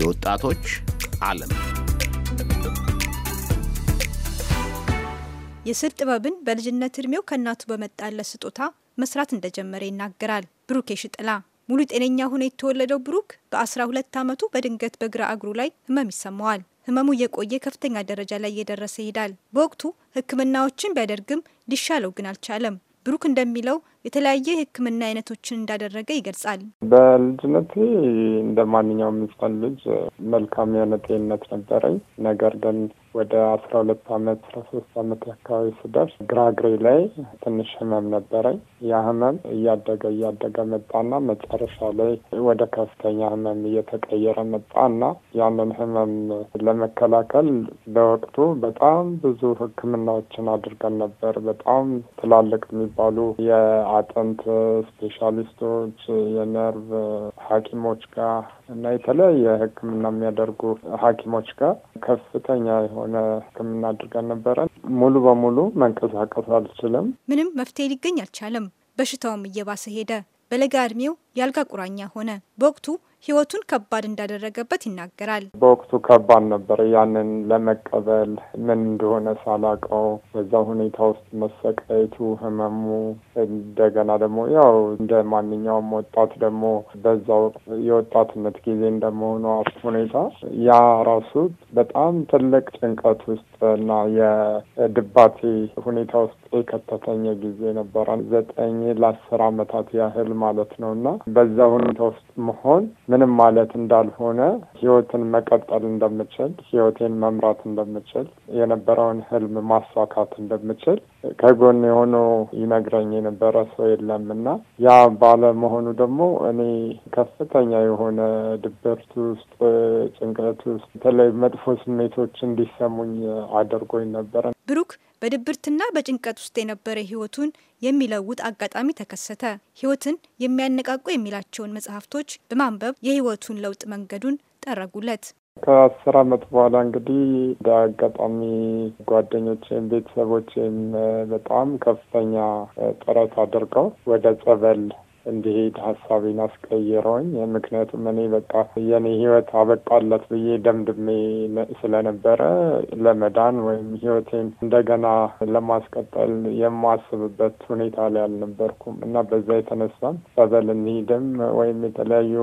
የወጣቶች ዓለም የስዕል ጥበብን በልጅነት እድሜው ከእናቱ በመጣለት ስጦታ መስራት እንደጀመረ ይናገራል ብሩክ የሽጥላ። ሙሉ ጤነኛ ሆኖ የተወለደው ብሩክ በ12 ዓመቱ በድንገት በግራ እግሩ ላይ ህመም ይሰማዋል። ህመሙ እየቆየ ከፍተኛ ደረጃ ላይ እየደረሰ ይሄዳል። በወቅቱ ሕክምናዎችን ቢያደርግም ሊሻለው ግን አልቻለም። ብሩክ እንደሚለው የተለያየ የሕክምና አይነቶችን እንዳደረገ ይገልጻል። በልጅነት እንደ ማንኛውም ህፃን ልጅ መልካም የሆነ ጤንነት ነበረኝ። ነገር ግን ወደ አስራ ሁለት አመት አስራ ሶስት አመት አካባቢ ስደርስ ግራግሬ ላይ ትንሽ ህመም ነበረኝ። ያ ህመም እያደገ እያደገ መጣና መጨረሻ ላይ ወደ ከፍተኛ ህመም እየተቀየረ መጣና ያንን ህመም ለመከላከል በወቅቱ በጣም ብዙ ህክምናዎችን አድርገን ነበር። በጣም ትላልቅ የሚባሉ የአጥንት ስፔሻሊስቶች፣ የነርቭ ሐኪሞች ጋር እና የተለያየ ህክምና የሚያደርጉ ሐኪሞች ጋር ከፍተኛ የሆነ የሆነ ሕክምና አድርገን ነበረ። ሙሉ በሙሉ መንቀሳቀስ አልችልም። ምንም መፍትሄ ሊገኝ አልቻለም። በሽታውም እየባሰ ሄደ። በለጋ እድሜው የአልጋ ቁራኛ ሆነ። በወቅቱ ህይወቱን ከባድ እንዳደረገበት ይናገራል። በወቅቱ ከባድ ነበር። ያንን ለመቀበል ምን እንደሆነ ሳላቀው በዛ ሁኔታ ውስጥ መሰቃየቱ፣ ህመሙ፣ እንደገና ደግሞ ያው እንደ ማንኛውም ወጣት ደግሞ በዛ ወቅት የወጣትነት ጊዜ እንደመሆኑ ሁኔታ ያ ራሱ በጣም ትልቅ ጭንቀት ውስጥ እና የድባቴ ሁኔታ ውስጥ የከተተኝ ጊዜ ነበረ። ዘጠኝ ለአስር አመታት ያህል ማለት ነው እና በዛ ሁኔታ ውስጥ መሆን ምንም ማለት እንዳልሆነ፣ ህይወትን መቀጠል እንደምችል፣ ህይወቴን መምራት እንደምችል፣ የነበረውን ህልም ማሳካት እንደምችል ከጎን የሆኖ ይነግረኝ የነበረ ሰው የለም እና ያ ባለመሆኑ ደግሞ እኔ ከፍተኛ የሆነ ድብርት ውስጥ ጭንቀት ውስጥ በተለይ መጥፎ ስሜቶች እንዲሰሙኝ አድርጎኝ ነበረ። ብሩክ በድብርትና በጭንቀት ውስጥ የነበረ ህይወቱን የሚለውጥ አጋጣሚ ተከሰተ። ህይወትን የሚያነቃቁ የሚላቸውን መጽሐፍቶች በማንበብ የህይወቱን ለውጥ መንገዱን ጠረጉለት። ከአስር አመት በኋላ እንግዲህ እንደ አጋጣሚ ጓደኞቼም ቤተሰቦቼም በጣም ከፍተኛ ጥረት አድርገው ወደ ጸበል እንዲሄድ ሀሳቤን አስቀይረውኝ። ምክንያቱም እኔ በቃ የኔ ህይወት አበቃለት ብዬ ደምድሜ ስለነበረ ለመዳን ወይም ህይወቴን እንደገና ለማስቀጠል የማስብበት ሁኔታ ላይ አልነበርኩም እና በዛ የተነሳም ጸበል እንሄድም ወይም የተለያዩ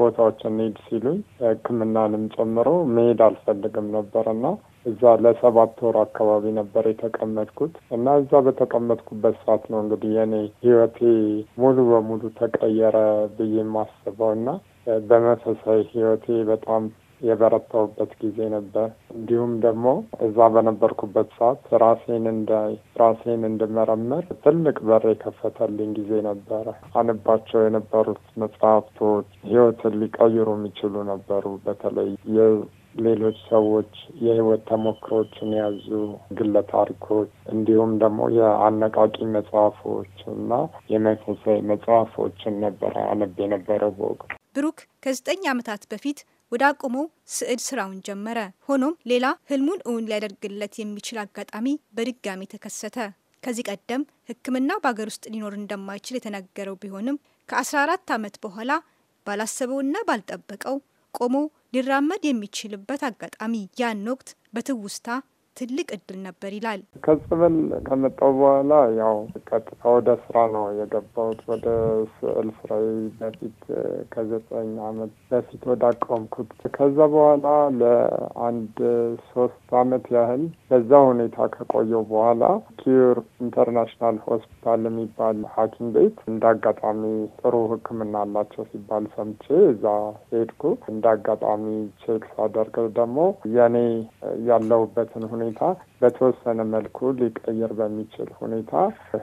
ቦታዎች እንሄድ ሲሉኝ ሕክምናንም ጨምሮ መሄድ አልፈልግም ነበር እና እዛ ለሰባት ወር አካባቢ ነበር የተቀመጥኩት እና እዛ በተቀመጥኩበት ሰዓት ነው እንግዲህ የኔ ህይወቴ ሙሉ በሙሉ ተቀየረ ብዬ የማስበው እና በመንፈሳዊ ህይወቴ በጣም የበረታውበት ጊዜ ነበር። እንዲሁም ደግሞ እዛ በነበርኩበት ሰዓት ራሴን እንደ ራሴን እንድመረምር ትልቅ በር የከፈተልኝ ጊዜ ነበረ። አንባቸው የነበሩት መጽሐፍቶች ህይወትን ሊቀይሩ የሚችሉ ነበሩ። በተለይ ሌሎች ሰዎች የህይወት ተሞክሮችን የያዙ ግለ ታሪኮች እንዲሁም ደግሞ የአነቃቂ መጽሐፎች እና የመንፈሳዊ መጽሐፎችን ነበረ አነብ የነበረው በወቅቱ። ብሩክ ከዘጠኝ ዓመታት በፊት ወደ አቁሞ ስዕል ስራውን ጀመረ። ሆኖም ሌላ ህልሙን እውን ሊያደርግለት የሚችል አጋጣሚ በድጋሚ ተከሰተ። ከዚህ ቀደም ሕክምና በሀገር ውስጥ ሊኖር እንደማይችል የተነገረው ቢሆንም ከ14 ዓመት በኋላ ባላሰበውና ባልጠበቀው ቆሞ ሊራመድ የሚችልበት አጋጣሚ ያን ወቅት በትውስታ ትልቅ እድል ነበር ይላል። ከጽብል ከመጣው በኋላ ያው ቀጥታ ወደ ስራ ነው የገባሁት። ወደ ስዕል ስራ በፊት ከዘጠኝ አመት በፊት ወደ አቆምኩት። ከዛ በኋላ ለአንድ ሶስት አመት ያህል በዛ ሁኔታ ከቆየው በኋላ ኪዩር ኢንተርናሽናል ሆስፒታል የሚባል ሐኪም ቤት እንደ አጋጣሚ ጥሩ ሕክምና አላቸው ሲባል ሰምቼ እዛ ሄድኩ። እንደ አጋጣሚ ቼክ ሳደርግ ደግሞ የኔ ያለሁበትን ሁኔታ ሁኔታ በተወሰነ መልኩ ሊቀየር በሚችል ሁኔታ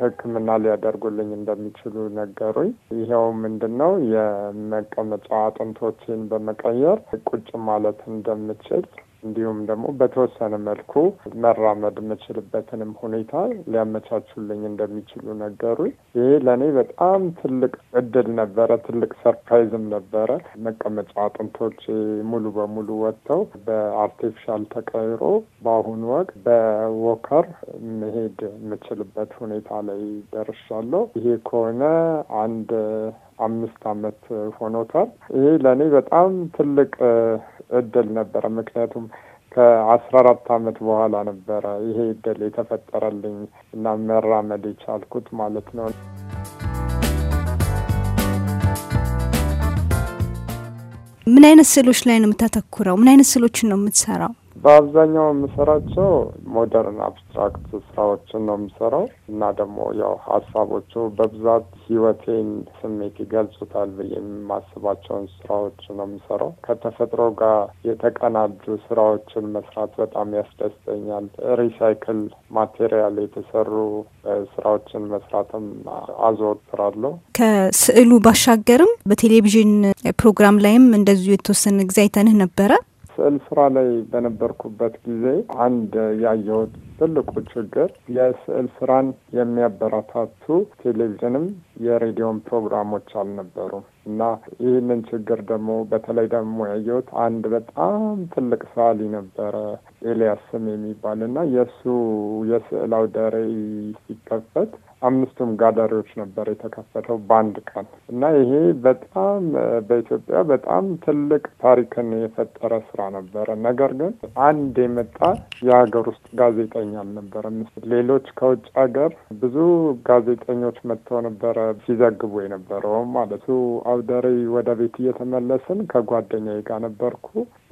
ሕክምና ሊያደርጉልኝ እንደሚችሉ ነገሩኝ። ይኸው ምንድን ነው የመቀመጫ አጥንቶችን በመቀየር ቁጭ ማለት እንደምችል እንዲሁም ደግሞ በተወሰነ መልኩ መራመድ የምችልበትንም ሁኔታ ሊያመቻቹልኝ እንደሚችሉ ነገሩኝ። ይሄ ለእኔ በጣም ትልቅ እድል ነበረ፣ ትልቅ ሰርፕራይዝም ነበረ። መቀመጫ አጥንቶች ሙሉ በሙሉ ወጥተው በአርቲፊሻል ተቀይሮ በአሁኑ ወቅት በዎከር መሄድ የምችልበት ሁኔታ ላይ ደርሻለሁ። ይሄ ከሆነ አንድ አምስት አመት ሆኖታል። ይህ ለእኔ በጣም ትልቅ እድል ነበረ። ምክንያቱም ከአስራ አራት አመት በኋላ ነበረ ይሄ እድል የተፈጠረልኝ እና መራመድ የቻልኩት ማለት ነው። ምን አይነት ስዕሎች ላይ ነው የምታተኩረው? ምን አይነት ስዕሎችን ነው የምትሰራው? በአብዛኛው የምሰራቸው ሞደርን አብስትራክት ስራዎችን ነው የምሰራው እና ደግሞ ያው ሀሳቦቹ በብዛት ህይወቴን ስሜት ይገልጹታል ብዬ የማስባቸውን ስራዎች ነው የምሰራው። ከተፈጥሮ ጋር የተቀናጁ ስራዎችን መስራት በጣም ያስደስተኛል። ሪሳይክል ማቴሪያል የተሰሩ ስራዎችን መስራትም አዘወትራለሁ። ከስዕሉ ባሻገርም በቴሌቪዥን ፕሮግራም ላይም እንደዚሁ የተወሰነ ጊዜ አይተንህ ነበረ። ስዕል ስራ ላይ በነበርኩበት ጊዜ አንድ ያየሁት ትልቁ ችግር የስዕል ስራን የሚያበረታቱ ቴሌቪዥንም የሬዲዮን ፕሮግራሞች አልነበሩም እና ይህንን ችግር ደግሞ በተለይ ደግሞ ያየሁት አንድ በጣም ትልቅ ሰዓሊ ነበረ ኤልያስ ስም የሚባል እና የእሱ የስዕል አውደ ርዕይ ሲከፈት አምስቱም ጋለሪዎች ነበር የተከፈተው በአንድ ቀን እና ይሄ በጣም በኢትዮጵያ በጣም ትልቅ ታሪክን የፈጠረ ስራ ነበረ። ነገር ግን አንድ የመጣ የሀገር ውስጥ ጋዜጠኛ አልነበረም። ሌሎች ከውጭ ሀገር ብዙ ጋዜጠኞች መጥተው ነበረ ሲዘግቡ የነበረውም ማለቱ አውደሪ ወደ ቤት እየተመለስን ከጓደኛዬ ጋር ነበርኩ።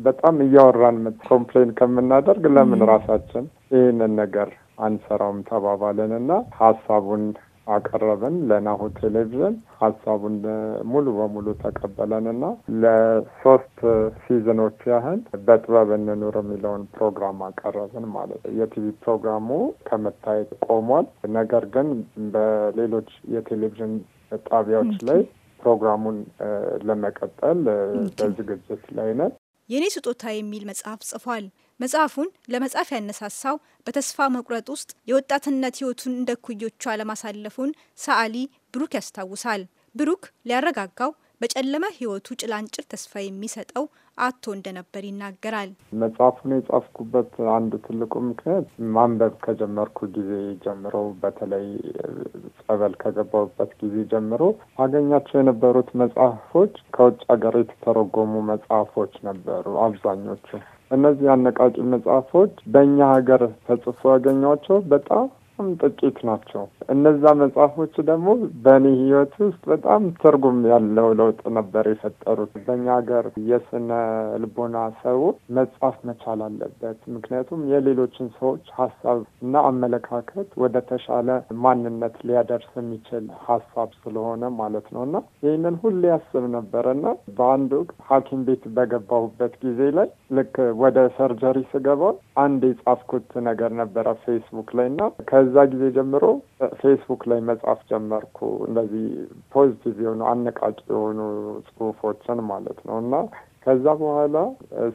በጣም እያወራን ኮምፕሌን ከምናደርግ ለምን ራሳችን ይህንን ነገር አንሰራውም ተባባልን እና ሀሳቡን አቀረብን ለናሁ ቴሌቪዥን። ሀሳቡን ሙሉ በሙሉ ተቀበለን ለሶስት ሲዝኖች ያህል በጥበብ እንኑር የሚለውን ፕሮግራም አቀረብን ማለት ነው። የቲቪ ፕሮግራሙ ከመታየት ቆሟል። ነገር ግን በሌሎች የቴሌቪዥን ጣቢያዎች ላይ ፕሮግራሙን ለመቀጠል በዝግጅት ላይ ነን። የእኔ ስጦታ የሚል መጽሐፍ ጽፏል። መጽሐፉን ለመጻፍ ያነሳሳው በተስፋ መቁረጥ ውስጥ የወጣትነት ሕይወቱን እንደ ኩዮቿ ለማሳለፉን ሰዓሊ ብሩክ ያስታውሳል። ብሩክ ሊያረጋጋው በጨለመ ሕይወቱ ጭላንጭል ተስፋ የሚሰጠው አቶ እንደነበር ይናገራል። መጽሐፉን የጻፍኩበት አንዱ ትልቁ ምክንያት ማንበብ ከጀመርኩ ጊዜ ጀምሮ በተለይ ጸበል ከገባሁበት ጊዜ ጀምሮ አገኛቸው የነበሩት መጽሐፎች ከውጭ ሀገር የተተረጎሙ መጽሐፎች ነበሩ አብዛኞቹ እነዚህ አነቃቂ መጽሐፎች በእኛ ሀገር ተጽፎ ያገኟቸው በጣም በጣም ጥቂት ናቸው። እነዛ መጽሐፎች ደግሞ በእኔ ህይወት ውስጥ በጣም ትርጉም ያለው ለውጥ ነበር የፈጠሩት። በእኛ ሀገር የስነ ልቦና ሰው መጽሐፍ መቻል አለበት። ምክንያቱም የሌሎችን ሰዎች ሀሳብ እና አመለካከት ወደ ተሻለ ማንነት ሊያደርስ የሚችል ሀሳብ ስለሆነ ማለት ነው እና ይህንን ሁሌ ያስብ ነበር እና በአንድ ወቅት ሐኪም ቤት በገባሁበት ጊዜ ላይ ልክ ወደ ሰርጀሪ ስገባ አንድ የጻፍኩት ነገር ነበረ ፌስቡክ ላይ እና ከዛ ጊዜ ጀምሮ ፌስቡክ ላይ መጽሐፍ ጀመርኩ። እንደዚህ ፖዚቲቭ የሆኑ አነቃቂ የሆኑ ጽሁፎችን ማለት ነው እና ከዛ በኋላ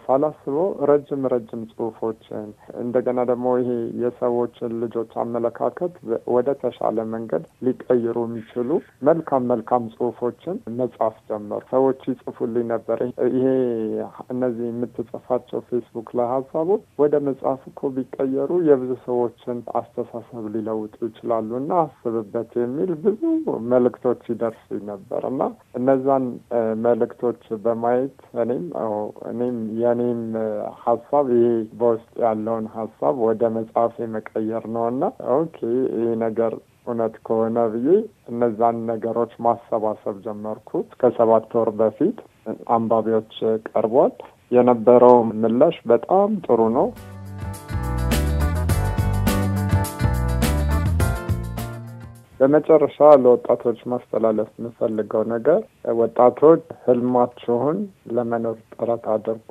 ሳላስበው ረጅም ረጅም ጽሁፎችን እንደገና ደግሞ ይሄ የሰዎችን ልጆች አመለካከት ወደ ተሻለ መንገድ ሊቀይሩ የሚችሉ መልካም መልካም ጽሁፎችን መጻፍ ጀመሩ። ሰዎች ይጽፉልኝ ነበር። ይሄ እነዚህ የምትጽፋቸው ፌስቡክ ላይ ሀሳቦች ወደ መጽሐፍ እኮ ቢቀየሩ የብዙ ሰዎችን አስተሳሰብ ሊለውጡ ይችላሉ እና አስብበት የሚል ብዙ መልእክቶች ይደርሱኝ ነበር እና እነዛን መልእክቶች በማየት እኔ ወይም አዎ እኔም የኔም ሀሳብ ይሄ በውስጥ ያለውን ሀሳብ ወደ መጽሐፍ መቀየር ነው እና ኦኬ ይሄ ነገር እውነት ከሆነ ብዬ እነዛን ነገሮች ማሰባሰብ ጀመርኩ። ከሰባት ወር በፊት አንባቢዎች ቀርቧል። የነበረው ምላሽ በጣም ጥሩ ነው። በመጨረሻ ለወጣቶች ማስተላለፍ የምፈልገው ነገር ወጣቶች ህልማችሁን ለመኖር ጥረት አድርጉ።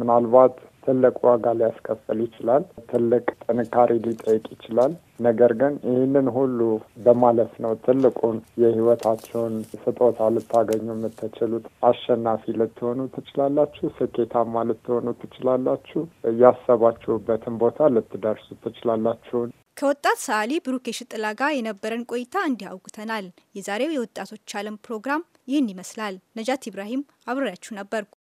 ምናልባት ትልቅ ዋጋ ሊያስከፍል ይችላል። ትልቅ ጥንካሬ ሊጠይቅ ይችላል። ነገር ግን ይህንን ሁሉ በማለፍ ነው ትልቁን የህይወታችሁን ስጦታ ልታገኙ የምትችሉት። አሸናፊ ልትሆኑ ትችላላችሁ። ስኬታማ ልትሆኑ ትችላላችሁ። እያሰባችሁበትን ቦታ ልትደርሱ ትችላላችሁን ከወጣት ሰዓሊ ብሩክ የሽጥላ ጋር የነበረን ቆይታ እንዲያውጉተናል። የዛሬው የወጣቶች ዓለም ፕሮግራም ይህን ይመስላል። ነጃት ኢብራሂም አብሬያችሁ ነበርኩ።